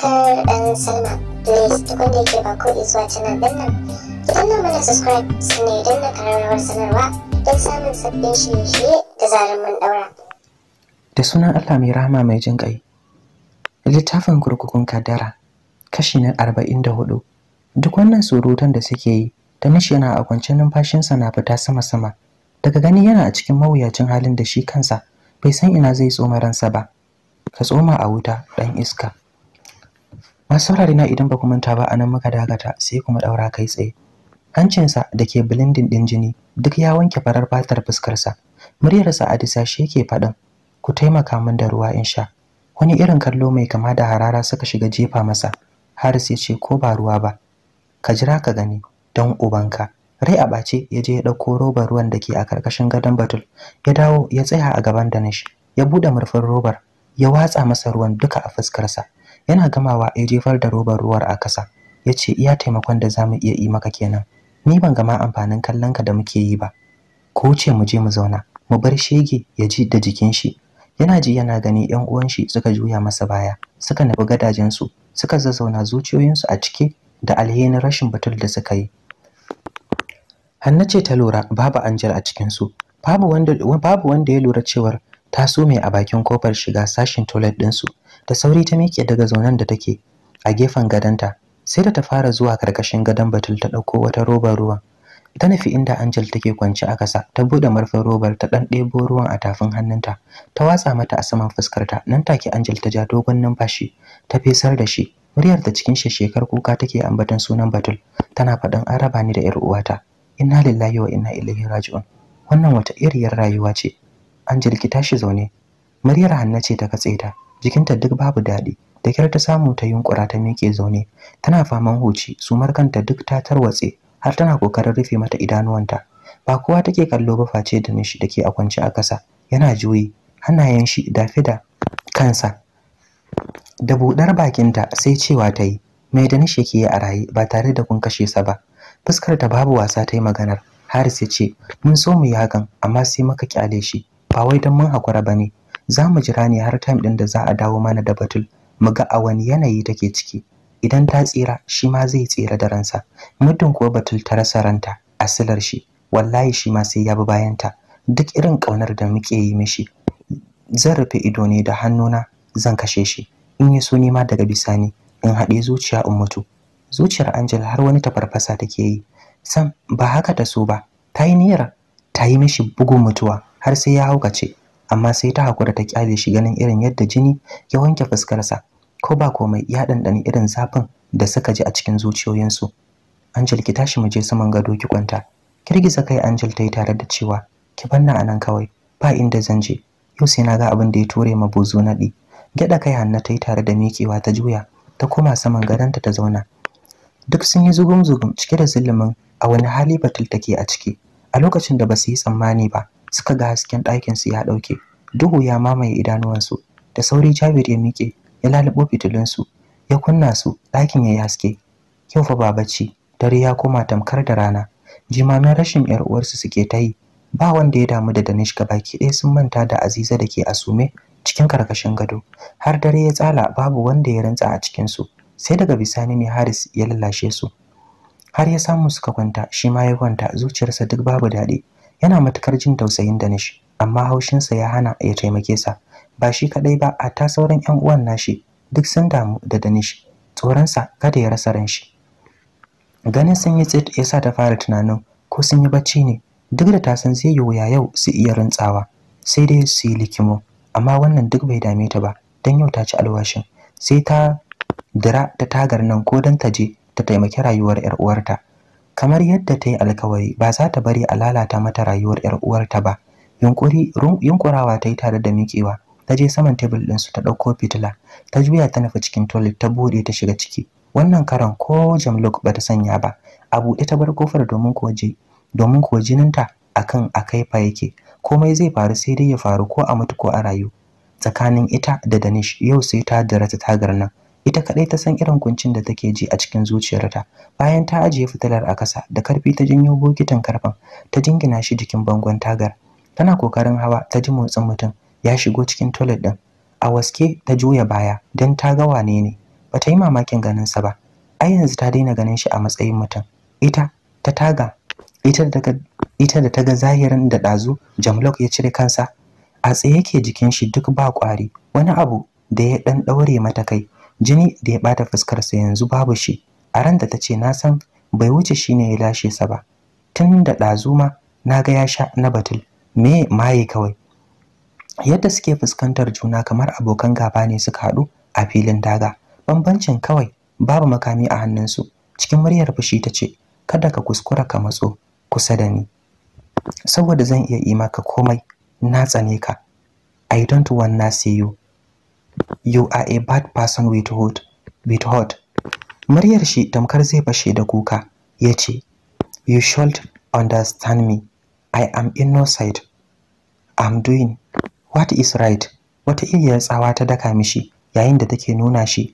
subscribe and sign up. Please tukun da yake ba ko zuwa canal din nan. Ki danna mana subscribe sannan idan na kararrawar sanarwa don samun sabbin shirye-shirye da zarar mun daura. Da sunan Allah mai rahama mai jin ƙai. Littafin kurkukun kadara kashi na arba'in da hudu. Duk wannan surutan da suke yi Danish yana a kwance numfashinsa na fita sama-sama. Daga gani yana a cikin mawuyacin halin da shi kansa bai san ina zai tsoma ransa ba. Ka tsoma a wuta ɗan iska. masu saurare na idan ba ku manta ba anan muka dagata sai kuma daura kai tsaye hancinsa da ke bilindin din jini duk ya wanke farar fatar fuskarsa muryarsa a disa shi yake faɗin ku taimaka min da ruwa in sha wani irin kallo mai kama da harara suka shiga jefa masa haris ya ce ko ba ruwa ba ka jira ka gani don ubanka rai a ɓace ya je ya ɗauko robar ruwan da ke a karkashin gadon batul ya dawo ya tsaya a gaban danish ya buɗe murfin robar ya watsa masa ruwan duka a fuskarsa yana gamawa ya jefar da robar ruwar a kasa ya ce iya taimakon da za mu iya yi maka kenan ni ban gama amfanin kallon ka da muke yi ba ko wuce mu je mu zauna mu bar shege ya ji da jikin shi yana ji yana gani yan uwan shi suka juya masa baya suka nufi gadajen su suka zazzauna zuciyoyinsu a cike da alhinin rashin batul da suka yi Hanna ce ta lura babu anjar a cikinsu, babu wanda, ya lura cewar ta sume a bakin kofar shiga sashin toilet ɗinsu da sauri ta miƙe daga zonan da take a gefen gadonta sai da ta fara zuwa karkashin gadon batul ta ɗauko wata robar ruwan ta nufi inda Angel take kwance a ƙasa ta buɗe murfin robar ta ɗan ɗebo ruwan a tafin hannunta ta watsa mata a saman fuskarta nan take Angel ta ja dogon numfashi ta fesar da shi muryar ta cikin shekar kuka take ambatan sunan Batul tana faɗin araba ne ni da 'yar uwata inna lillahi wa inna ilaihi raji'un wannan wata iriyar rayuwa ce Angel ki tashi zaune muryar Hanna ce ta katse ta jikinta duk babu daɗi da kyar ta samu ta yunkura ta miƙe zaune tana faman huci sumar kanta duk ta tarwatse har tana kokarin rufe mata idanuwanta ba kowa take kallo ba face da nishi dake a kwance a ƙasa yana juyi hannayen shi dafe da kansa da buɗar bakinta sai cewa ta yi mai da nishi yake a raye ba tare da kun kashe sa ba fuskar ta babu wasa ta yi maganar Haris ya ce mun so mu yi hakan amma sai muka kyale shi ba wai don mun hakura ba ne za mu jira ne har time ɗin da za a dawo mana da batul mu ga a wani yanayi take ciki idan ta tsira shi ma zai tsira da ransa muddin kuwa batul ta rasa ranta a silar shi wallahi shi ma sai ya bi bayanta duk irin ƙaunar da muke yi mishi zan rufe ido ne da hannuna zan kashe shi in ya so nima daga bisani in haɗe zuciya in mutu zuciyar angel har wani tafarfasa take yi sam ba haka ta so ba ta yi niyyar ta yi mishi bugun mutuwa har sai ya haukace amma sai ta hakura ta kyale shi ganin irin yadda jini ya wanke fuskarsa ko ba komai ya dandani irin zafin da suka ji a cikin zuciyoyinsu Angel ki tashi mu je saman gado ki kwanta kirgiza kai Angel ta tare da cewa ki banna anan kawai ba inda zan je yau sai na ga abin da ya ture ma bozo naɗi Gyaɗa kai hanna ta tare da mikewa ta juya ta koma saman gadonta ta zauna duk sun yi zugum-zugum cike da zulumin a wani hali batul take a ciki a lokacin da ba su yi tsammani ba suka ga hasken ɗakin su ya ɗauke duhu ya mamaye idanuwansu da sauri jabir ya miƙe ya lalubo fitilunsu ya kunna su ɗakin ya yi haske yau fa babaci, dare ya koma tamkar da rana jimamin rashin yar uwarsu suke ta yi ba wanda ya damu da danish baki ɗaya sun manta da aziza da ke asume cikin karkashin gado har dare ya tsala babu wanda ya rantsa a cikinsu sai daga bisani ne haris ya lallashe su har ya samu suka kwanta shi ma ya kwanta zuciyarsa duk babu daɗi yana matukar jin tausayin da amma haushinsa ya hana ya taimake sa ba shi kadai ba a ta sauran yan uwan nashi duk sun damu da danish sa, kada ya rasa ran shi ganin sun yi tsit ya ta fara tunanin ko sun yi bacci ne duk da ta san zai yi wuya yau su iya rantsawa sai dai su yi likimo amma wannan duk bai dame ta ba don yau ta ci alwashin sai ta dira ta tagar nan ko dan ta je ta taimaki rayuwar 'yar uwarta kamar yadda ta yi alkawari ba za ta bari a lalata mata rayuwar 'yar uwarta ba yunkuri yunkurawa ta yi tare da miƙewa ta je saman tebul ɗinsu ta ɗauko fitila ta juya ta nufi cikin toilet ta buɗe ta shiga ciki wannan karan ko jamluk ba ta sanya ba a buɗe ta bar kofar domin kuwa domin kuwa jininta akan kaifa yake komai zai faru sai dai ya faru ko a mutu ko a rayu tsakanin ita da danish yau sai ta dira ta tagar nan ita kadai ta san irin kuncin da take ji a cikin zuciyarta bayan ta ajiye fitilar a kasa da karfi ta janyo bokitin karfan ta jingina shi jikin bangon tagar tana kokarin hawa ta ji motsin mutum ya shigo cikin toilet din a waske ta juya baya don ta ga wane ne ta yi mamakin ganin sa ba ai yanzu ta daina ganin shi a matsayin mutum ita ta taga ita da ta ita da ta ga zahirin da dazu Jamlok ya cire kansa a tsaye yake jikin shi duk ba kwari wani abu da ya dan daure mata kai jini da ya bata fuskarsa yanzu babu shi a ran da tace na san bai wuce shine ya lashe sa ba tunda da ɗazuma na ga ya sha na batul me maye kawai yadda suke fuskantar juna kamar abokan gaba ne suka haɗu a filin daga bambancin kawai babu makami a hannunsu cikin muryar fushi tace kada ka kuskura ka matso kusa da ni saboda zan iya yi maka komai na tsane ka i don't want to see you you are a bad person with hot with hot maryar shi tamkar zai fashe da kuka yace you should understand me i am innocent am doing what is right wata iriyar tsawa ta daka mishi yayin da take nuna shi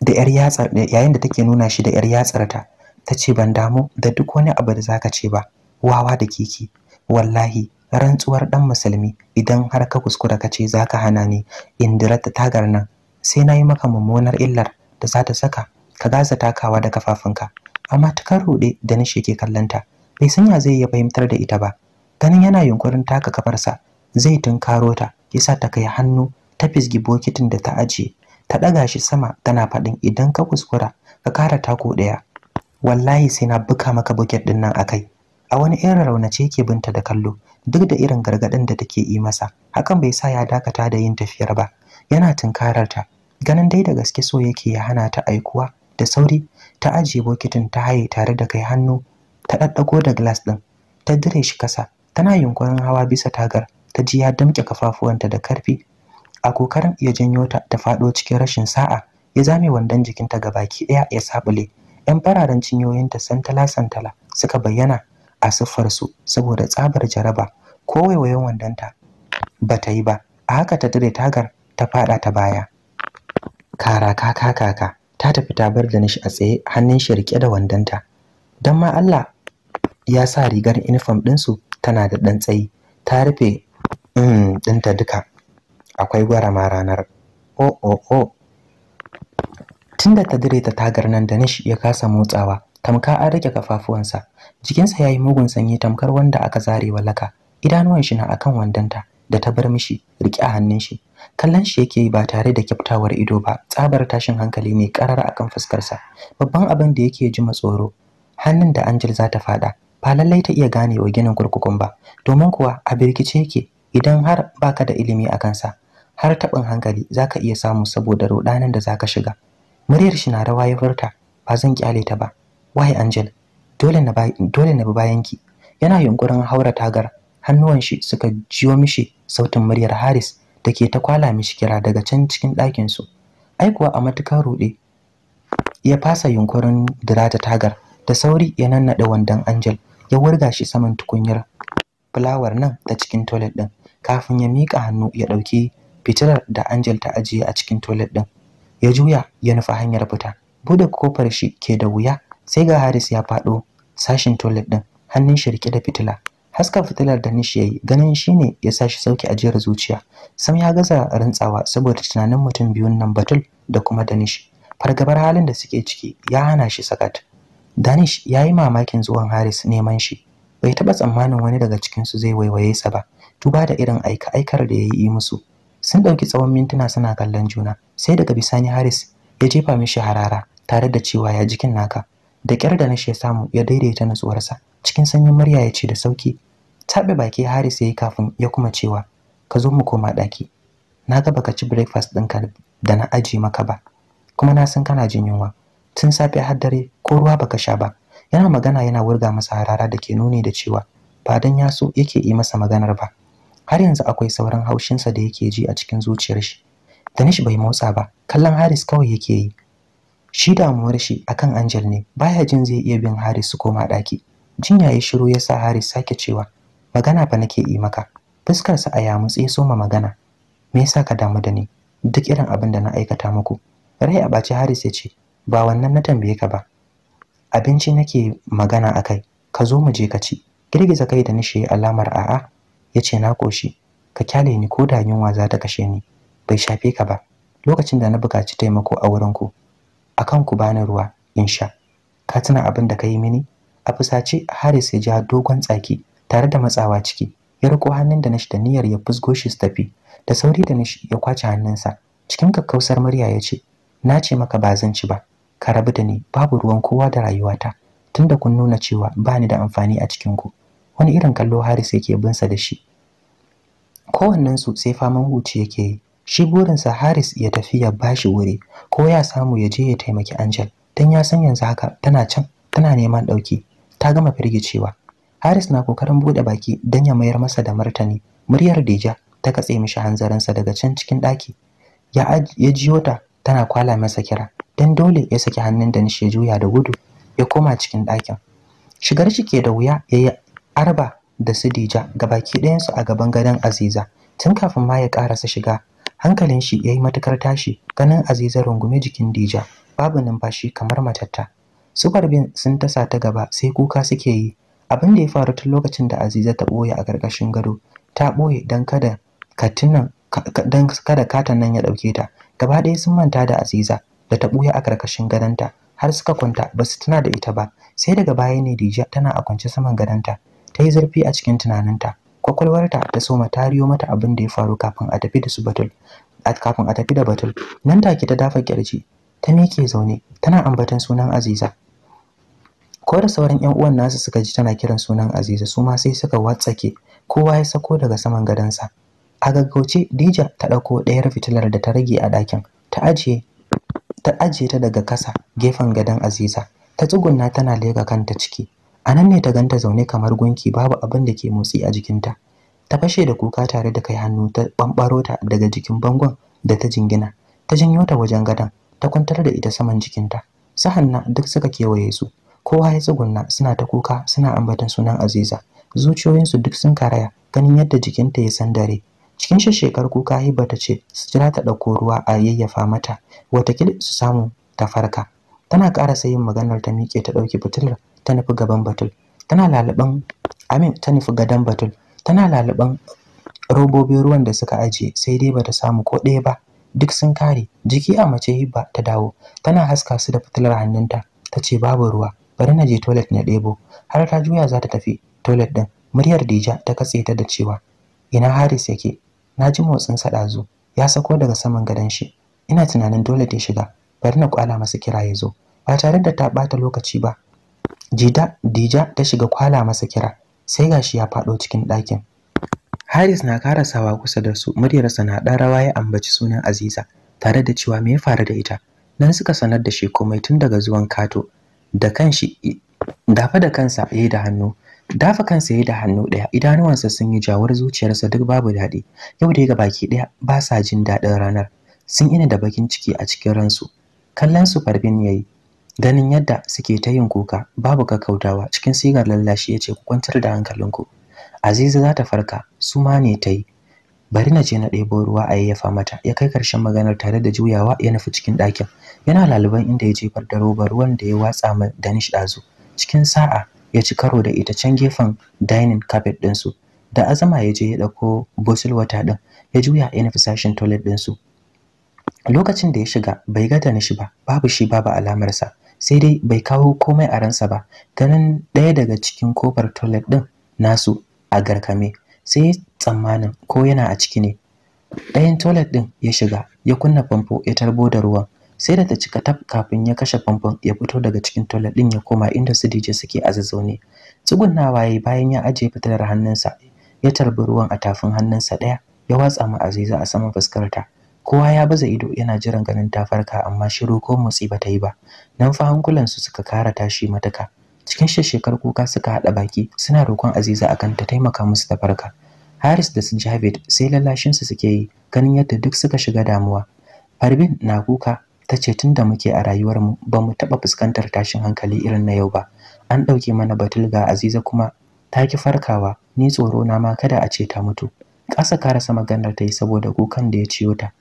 da yar yatsar yayin da take nuna shi da yar yatsar ta tace ban damu da duk wani abu da zaka ce ba wawa da kiki wallahi rantsuwar dan musulmi idan har ka kuskura kace ce za hana ni in ta tagar nan sai na yi maka mummunar illar da za ta saka ka gaza takawa da kafafunka amma tukar ruɗe da ni sheke kallonta bai sanya zai iya fahimtar da ita ba ganin yana yunkurin taka kafarsa zai tunkaro ta yasa ta kai hannu ta fisgi bokitin da ta ajiye ta ɗaga shi sama tana faɗin idan ka kuskura ka kara tako ɗaya wallahi sai na buka maka buket ɗinnan nan akai a wani irin raunace yake binta da kallo duk da irin gargadin da take yi masa hakan bai sa ya dakata da yin tafiyar ba yana tunkarar ta ganin dai da gaske so yake ya hana ta aikuwa da sauri ta ajiye bokitin ta haye tare da kai hannu ta ɗaɗɗago da glass ɗin ta dire shi kasa tana yunkurin hawa bisa tagar ta ji ya damke kafafuwanta da karfi a kokarin ya janyo ta ta faɗo cikin rashin sa'a ya zame wandon jikinta gabaki ɗaya ya sabule yan fararen cinyoyinta santala santala suka bayyana a siffarsu saboda tsabar jaraba ko waiwayen wandonta ba ta yi ba a haka ta dire tagar ta fada ta baya kara kaka kaka ta tafi ta bar da nishi a tsaye hannun shi rike da wandonta don ma Allah ya sa rigar uniform ɗinsu tana da ɗan tsayi ta rufe mm, ɗinta duka akwai gwarama ranar o o o tunda ta dire ta tagar nan da nishi ya kasa motsawa tamka an rike kafafuwansa jikinsa ya yi mugun sanyi tamkar wanda aka zare wa laka idanuwan shi na akan wandanta da ta bar mishi riƙe a hannun shi kallon shi yake yi ba tare da kyaftawar ido ba tsabar tashin hankali ne karar akan fuskarsa babban abin da yake jima tsoro hannun da Angel za ta fada ba lallai ta iya gane wa ginin kurkukun ba domin kuwa a birkice yake idan har baka da ilimi a kansa har taɓin hankali zaka iya samu saboda rudanin da zaka shiga muryar shi na rawa ya furta ba zan kyale ta ba wai Angel dole na bi bayanki yana yunkurin haura tagar hannuwan shi suka jiyo mishi sautin muryar Haris da ke ta kwala mishi kira daga can cikin ɗakin su ai a matukar ruɗe ya fasa yunkurin dirata tagar da sauri ya nannaɗe wandon Angel ya wurga shi saman tukunyar fulawar nan ta cikin toilet ɗin, kafin ya mika hannu ya ɗauki fitilar da Angel ta ajiye a cikin toilet ɗin, ya juya ya nufa hanyar fita bude kofar shi ke da wuya sai ga Haris ya faɗo sashin toilet din hannun shi rike da fitila haska fitilar da nishi yayi ganin shine ya sa shi a ajiyar zuciya sam ya gaza rantsawa saboda tunanin mutum biyun nan batul da kuma danish fargabar halin da suke ciki ya hana shi sakat danish ya yi mamakin zuwan haris neman shi bai taɓa tsammanin wani daga cikin su zai waiwaye sa ba tuba da irin aika-aikar da yayi yi musu sun ɗauki tsawon mintuna suna kallon juna sai daga bisani haris ya jefa mishi harara tare da cewa ya jikin naka da kyar da na shi ya samu ya daidaita nutsuwarsa cikin sanyin murya ya ce da sauki taɓe baki haris ya yi kafin ya kuma cewa ka zo mu koma ɗaki na ga baka ci breakfast ɗinka da na aji maka ba kuma na san kana jin yunwa tun safe har dare ko ruwa baka sha ba yana magana yana wurga masa harara da ke nuni da cewa ba dan ya so yake yi masa maganar ba har yanzu akwai sauran haushinsa da yake ji a cikin zuciyar shi danish bai motsa ba kallon haris kawai yake yi shi damuwar shi akan Angel ne baya jin zai iya bin Haris su koma ɗaki jinya yayi shiru ya sa Haris sake cewa magana fa nake yi maka fuskarsa a yamutse ya soma magana me yasa ka damu da ni duk irin abin da na aikata muku rai a baci Haris ya ce ba wannan na tambaye ka ba abinci nake magana akai ka zo mu je ka ci girgiza kai da nishi alamar a'a ya ce na koshi ka kyale ni ko da yunwa za ta kashe ni bai shafe ka ba lokacin da na buƙaci taimako a wurinku akan ku bani ruwa in sha ka tuna abin da ka yi mini a fusace Haris ya ja dogon tsaki tare da matsawa ciki ya riko hannun da nashi da niyyar ya fusgo shi su tafi da sauri da nashi ya kwace hannunsa cikin kakkausar murya ya ce na ce maka ba zan ci ba ka rabu da ni babu ruwan kowa da rayuwata tunda kun nuna cewa ba ni da amfani a cikin ku wani irin kallo Haris yake binsa da shi kowannensu sai faman huce yake yi shi burinsa Haris ya tafi ya bashi wuri ko ya samu ya je ya taimaki Angel dan ya san yanzu haka tana can tana neman dauki ta gama firgicewa Haris na kokarin buɗe baki dan ya mayar masa da martani muryar Deja ta katse mishi hanzarinsa daga can cikin ɗaki. ya ya jiyo ta tana kwala masa kira dan dole ya saki hannun da nishe juya da gudu ya koma cikin ɗakin. shigar shi ke da wuya ya yi arba da su Deja gabaki ɗayansu a gaban gadon Aziza tun kafin ma ya karasa shiga hankalin shi yayi matukar tashi ganin aziza rungume jikin dija babu numfashi kamar matatta su barbin sun tasa ta gaba sai kuka suke yi abin da ya faru tun lokacin da aziza ta boye a ƙarƙashin gado ta boye don kada katinan dan kada katan nan ya ɗauke ta gaba ɗaya sun manta da aziza da ta boye a ƙarƙashin gadonta har suka kwanta ba su tana da ita ba sai daga baya ne dija tana a kwance saman gadonta ta yi zurfi a cikin tunaninta kwakwalwarta ta soma tariyo mata abin da ya faru kafin a tafi da su batul kafin a tafi da batul nan take ta dafa kirji ta miƙe zaune tana ambaton sunan aziza ko da sauran yan uwan nasu suka ji tana kiran sunan aziza su ma sai suka watsake kowa ya sako daga saman gadonsa a gaggauce dija ta ɗauko ɗayar fitilar da ta rage a ɗakin ta ajiye ta ajiye ta daga kasa gefen gadon aziza ta tsugunna tana leka kanta ciki a nan ne ta ganta zaune kamar gunki babu abin da ke motsi a jikinta ta fashe da kuka tare da kai hannu ta bambaro ta daga jikin bangon da ta jingina ta janyo ta wajen gadon ta kwantar da ita saman jikinta sahanna duk suka kewaye su kowa ya tsugunna suna ta kuka suna ambaton sunan aziza zuciyoyinsu duk sun karaya ganin yadda jikinta ya sandare cikin shekar kuka hiba ta ce su jira ta ɗauko ruwa a yayyafa mata watakil su samu ta farka tana ƙara sayin maganar ta miƙe ta ɗauki fitilar ta nufi gaban batul tana lalaban amin ta nufi gadan batul tana lalaban robobin ruwan da suka ajiye sai dai bata samu ko ɗaya ba duk sun kare jiki a mace hibba ta dawo tana haska su da fitilar hannunta ta ce babu ruwa bari na je toilet na ɗebo har ta juya za ta tafi toilet ɗin muryar dija ta katse ta da cewa ina haris yake na ji motsin sa ɗazu ya sako daga saman gadon shi ina tunanin dole ta shiga bari na kwala masa kira ya zo ba tare da ta bata lokaci ba Jida Dija ta shiga kwala masa kira sai gashi ya faɗo cikin ɗakin. Haris na karasawa kusa da su muryarsa na ɗan rawa ya ambaci sunan Aziza tare da cewa me ya faru da ita. Nan suka sanar da shi komai tun daga zuwan Kato da kanshi dafa da kansa yayi da hannu dafa kansa yayi da hannu ɗaya idanuwansa sun yi jawar zuciyarsa duk babu daɗi yau da ya baki ɗaya ba sa jin daɗin ranar sun ina da bakin ciki a cikin ransu kallon su farbin yayi ganin yadda suke ta yin kuka babu kakkautawa cikin sigar lallashi ya ce ku kwantar da hankalinku aziza za ta farka su ma ne ta yi bari na je na ɗebo ruwa a yayyafa mata ya kai ƙarshen maganar tare da juyawa ya nufi cikin ɗakin yana laliban inda ya jefar da robar ruwan da ya watsa ma danish ɗazu cikin sa'a ya ci karo da ita can gefen dining carpet ɗinsu da azama ya je ya ɗauko bosil wata ɗin ya juya ya nufi sashen toilet ɗinsu lokacin da ya shiga bai ga danish ba babu shi babu alamarsa sai dai bai kawo komai a ransa ba ganin ɗaya daga cikin kofar toilet ɗin nasu a garkame sai ya tsammanin ko yana a ciki ne ɗayan toilet ɗin ya shiga ya kunna famfo ya tarbo da ruwan sai da ta cika tab kafin ya kashe famfon ya fito daga cikin toilet ɗin ya koma inda su dije suke a zazzaune tsugunnawa yayi bayan ya ajiye fitilar hannunsa ya tarbi ruwan a tafin hannunsa ɗaya ya watsa mu Aziza a saman fuskarta kowa ya baza ido yana jiran ganin ta farka amma shiru ko motsi ba ta yi ba nan fa su suka kara tashi matuka cikin shekar kuka suka haɗa baki suna roƙon aziza akan ta taimaka musu ta farka haris da su javid sai su suke yi ganin yadda duk suka shiga damuwa farbin na kuka ta ce tun da muke a rayuwarmu ba mu taɓa fuskantar tashin hankali irin na yau ba an ɗauki mana batulga aziza kuma ta ki farkawa ni tsoro na ma kada a ce ta mutu ƙasa karasa maganar ta yi saboda kukan da ya ciyo ta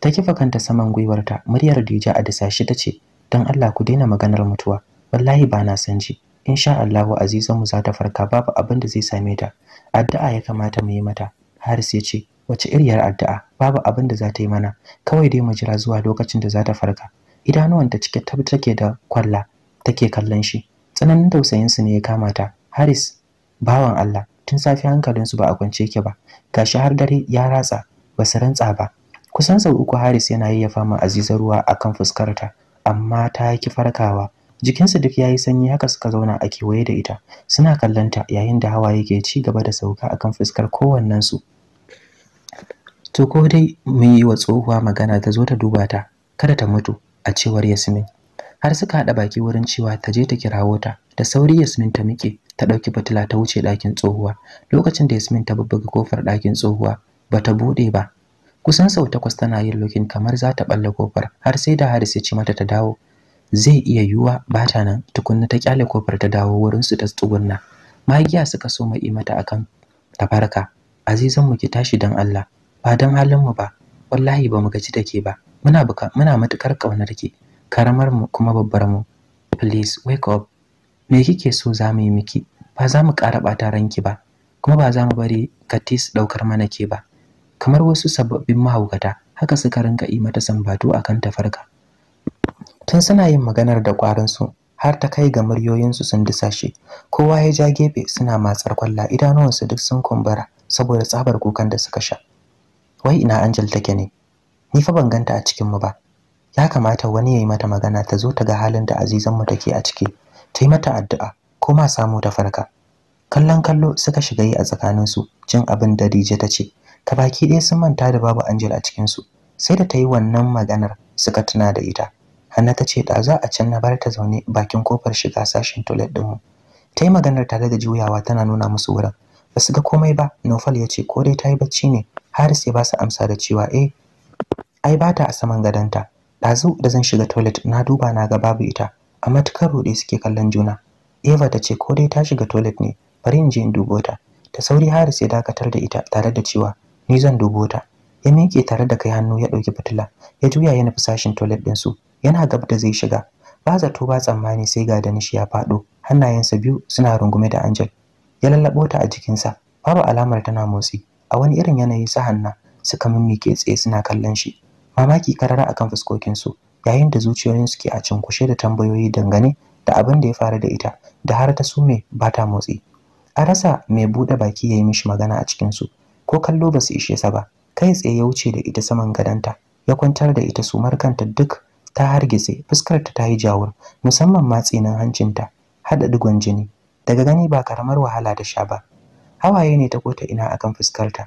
ta kifa kanta saman gwiwarta muryar Dija a dasashi ta ce don Allah ku daina maganar mutuwa wallahi ba na san ji insha Allahu mu za ta farka babu abin da zai same ta addu'a ya kamata mu yi mata Haris ya ce wace iriyar addu'a babu abin da za ta yi mana kawai dai mu jira zuwa lokacin da za ta farka idanuwanta cike tabbata take da kwalla take kallon shi tsananin tausayin su ne ya kamata, Haris bawan Allah tun safi hankalinsu ba a kwance yake ba gashi har dare ya ratsa ba su rantsa ba kusan sau uku haris yana yi ya fama aziza ruwa akan fuskarta amma ta ki farkawa jikinsu duk yayi sanyi haka suka zauna a kewaye da ita suna kallonta yayin da hawaye ke ci gaba da sauka akan fuskar kowannen su to ko dai mu yi wa tsohuwa magana ta zo ta duba ta kada ta mutu a cewar yasmin har suka haɗa baki wurin cewa ta je ta kirawo ta da sauri yasmin ta miƙe ta ɗauki fitila ta wuce ɗakin tsohuwa lokacin da yasmin ta bubbuga kofar ɗakin tsohuwa bata buɗe ba kusan sau takwas tana yin lokin kamar za ta balle kofar har sai da Haris ya ci mata ta dawo zai iya yiwuwa ba ta nan tukunna ta kyale kofar ta dawo wurin su ta tsugunna magiya suka so mai mata akan tafarka azizan mu ki tashi dan Allah ba dan halin mu ba wallahi ba mu gaji da ke ba muna buka muna matukar kaunar ki karamar mu kuma babbar mu please wake up me kike so za mu yi miki ba za mu ƙara ɓata ranki ba kuma ba za mu bari katis ɗaukar mana ke ba kamar wasu sababbin mahaukata haka suka rinka yi mata sambatu a kan tafarka. tun suna yin maganar da ƙwarinsu har ta kai ga muryoyinsu sun dusashe kowa ya ja gefe suna matsar kwalla idanuwansu duk sun kumbura saboda tsabar kukan da suka sha wai ina Angel take ne ni fa ban ganta a cikin mu ba ya kamata wani ya yi mata magana ta zo ta ga halin da azizan mu take a ciki ta yi mata addu'a ko ma samu tafarka. kallon kallo suka shiga yi a tsakaninsu cin abin da Dije ta ce ta baki ɗaya sun manta da babu Angel a cikinsu sai da ta yi wannan maganar suka tuna da ita Hanna ta ce da za a can na bar ta zaune bakin kofar shiga sashen toilet ɗinmu ta yi maganar tare da juyawa tana nuna musu wurin ba su ga komai ba Nofal ya ce ko dai ta yi bacci ne Haris ya ba su amsa da cewa e? ai ba ta a saman gadonta ɗazu da zan shiga toilet na duba na ga babu ita a matukar ruɗe suke kallon juna Eva ta ce ko dai ta shiga toilet ne bari in je in dubo ta da sauri Haris ya dakatar da ita tare da cewa ni zan dubo ta ya miƙe tare da kai hannu ya ɗauki fitila ya juya ya fasashin sashin toilet din su yana gab da zai shiga ba zato ba tsammani sai ga danishi ya faɗo hannayensa biyu suna rungume da angel ya lallaɓo ta a jikinsa babu alamar tana motsi a wani irin yanayi su hanna suka mimmike tsaye suna kallon shi mamaki karara akan fuskokinsu yayin da zuciyoyinsu ke a cinkushe da tambayoyi dangane da abin da ya faru da ita da har ta sume ba ta motsi a rasa mai buɗe baki ya yi mishi magana a cikinsu ko kallo ba su ishe sa ba kai tsaye ya wuce da ita saman gadanta ya kwantar da ita sumar kanta duk ta hargitse fuskarta ta yi jawur musamman ma tsinin hancinta hada digon jini daga gani ba karamar wahala da sha ba hawaye ne ta kota ina akan fuskarta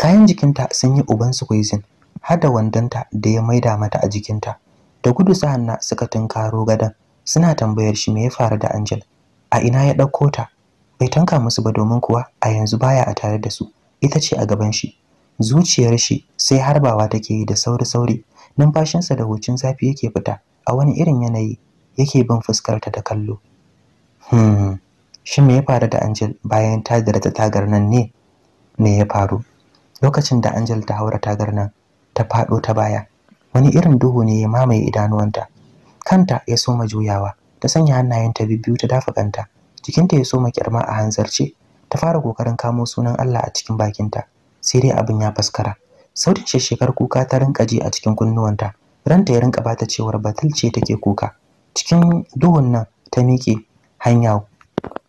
kayan jikinta sun yi uban su kwaizin hada wandonta da ya maida mata a jikinta da gudu sa hanna suka tunkaro gadan suna tambayar shi me ya faru da Angel a ina ya dauko ta bai tanka musu ba domin kuwa a yanzu baya a tare da su ita ce a gaban shi zuciyar shi sai harbawa take yi da sauri sauri numfashinsa da hucin zafi yake fita a wani irin yanayi yake bin fuskarta da kallo hmm shin me ya faru da Angel bayan ta dira ta tagar nan ne me ya faru lokacin da Angel ta haura tagar nan ta fado ta baya wani irin duhu ne ya mamaye idanuwanta kanta ya soma juyawa ta sanya hannayen hannayenta bibbiyu ta dafa kanta jikinta ya soma kyarma a hanzarce ta fara kokarin kamo sunan Allah a cikin bakinta sai dai abin ya faskara sautin sheshekar kuka ta rinka ji a cikin kunnuwanta ranta ya rinka bata cewar batul ce take kuka cikin duhun nan ta miƙe hanya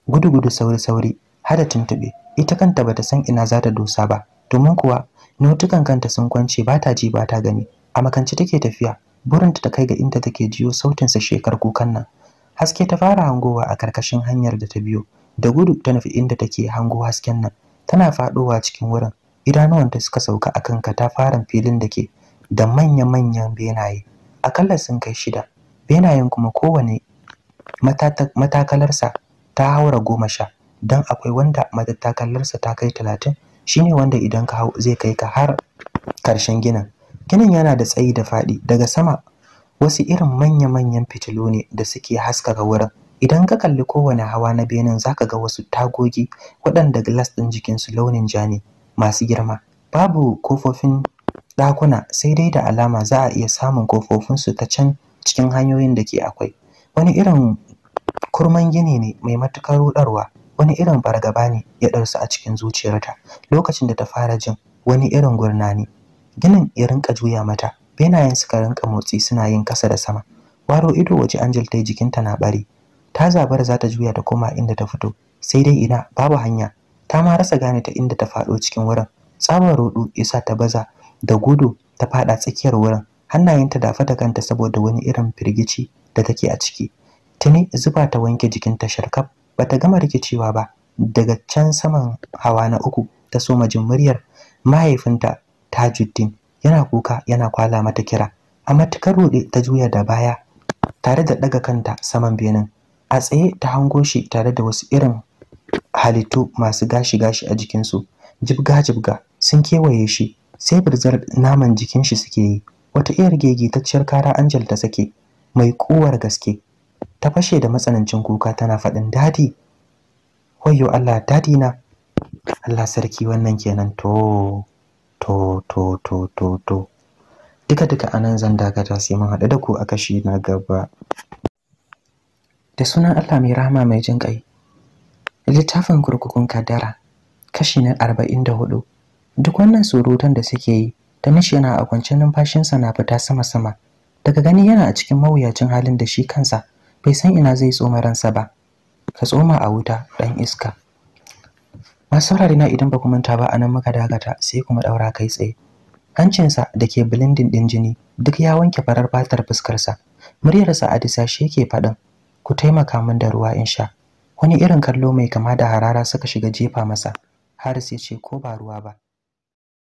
gudu-gudu sauri-sauri har da tuntube ita kanta bata san ina za ta dosa ba domin kuwa nautukan kanta sun kwance ba ta ji ba ta gani a makance take tafiya burinta ta kai ga inda take jiyo sautin sa shekar kukan nan haske ta fara hangowa a karkashin hanyar da ta biyo da gudu ta nufi inda take hango hasken nan tana faɗowa cikin wurin idanuwanta suka sauka a akan katafaren filin da ke da manya-manyan benaye akalla sun kai shida benayen kuma kowane matakalarsa ta haura goma sha don akwai wanda matakalarsa ta kai talatin shine wanda idan ka hau zai kai ka har karshen ginin ginin yana da tsayi da faɗi daga sama wasu irin manya-manyan fitilu ne da suke haskaka wurin idan ka kalli kowane hawa na benin zaka ga wasu tagogi waɗanda glass ɗin jikinsu launin ja ne masu girma babu kofofin ɗakuna sai dai da alama za a iya samun kofofinsu ta can cikin hanyoyin da ke akwai wani irin kurman gini ne mai matuƙar ruɗarwa wani irin fargaba ne ya ɗarsu a cikin zuciyarta lokacin da ta fara jin wani irin gurnani ginin ya rinka juya mata benayen suka rinka motsi suna yin kasa da sama waro ido waje angel ta jikinta na bare ta zabar za ta juya da koma inda ta fito sai dai ina babu hanya ta ma rasa gane ta inda ta faɗo cikin wurin tsabar rodo isa ta baza da gudu ta faɗa tsakiyar wurin hannayenta dafa fata kanta saboda wani irin firgici da take a ciki tuni zuba ta wanke jikin jikinta sharkaf bata gama rikicewa ba daga can saman hawa na uku ta soma jin muryar mahaifinta tajuddin yana kuka yana kwala mata kira amma matukar rude ta juya da baya tare da daga kanta saman benin a tsaye ta hango shi tare da wasu irin halittu masu gashi-gashi a jikinsu jibga-jibga sun kewaye shi sai birzar naman jikin shi suke yi wata iyar gegitacciyar kara angel ta sake mai kuwar gaske ta fashe da matsanancin kuka tana faɗin dadi wayyo allah dadi na allah sarki wannan kenan to to to to to to duka duka anan zan dakata sai mun haɗu da ku a kashi na gaba da sunan Allah mai rahama mai jin kai littafin kurkukun kadara kashi na 44 duk wannan surutan da suke yi ta mishi yana a kwance numfashinsa na fita sama-sama daga gani yana a cikin mawuyacin halin da shi kansa bai san ina zai tsoma ransa ba ka tsoma a wuta 'dan iska masu saurare na idan ba ku manta ba anan muka dagata, sai kuma daura kai tsaye hancinsa da ke bilindin din jini duk ya wanke farar fatar fuskarsa muryarsa a shi yake faɗin ku taimaka min da ruwa in sha wani irin kallo mai kama da harara suka shiga jefa masa har sai ce ko ba ruwa ba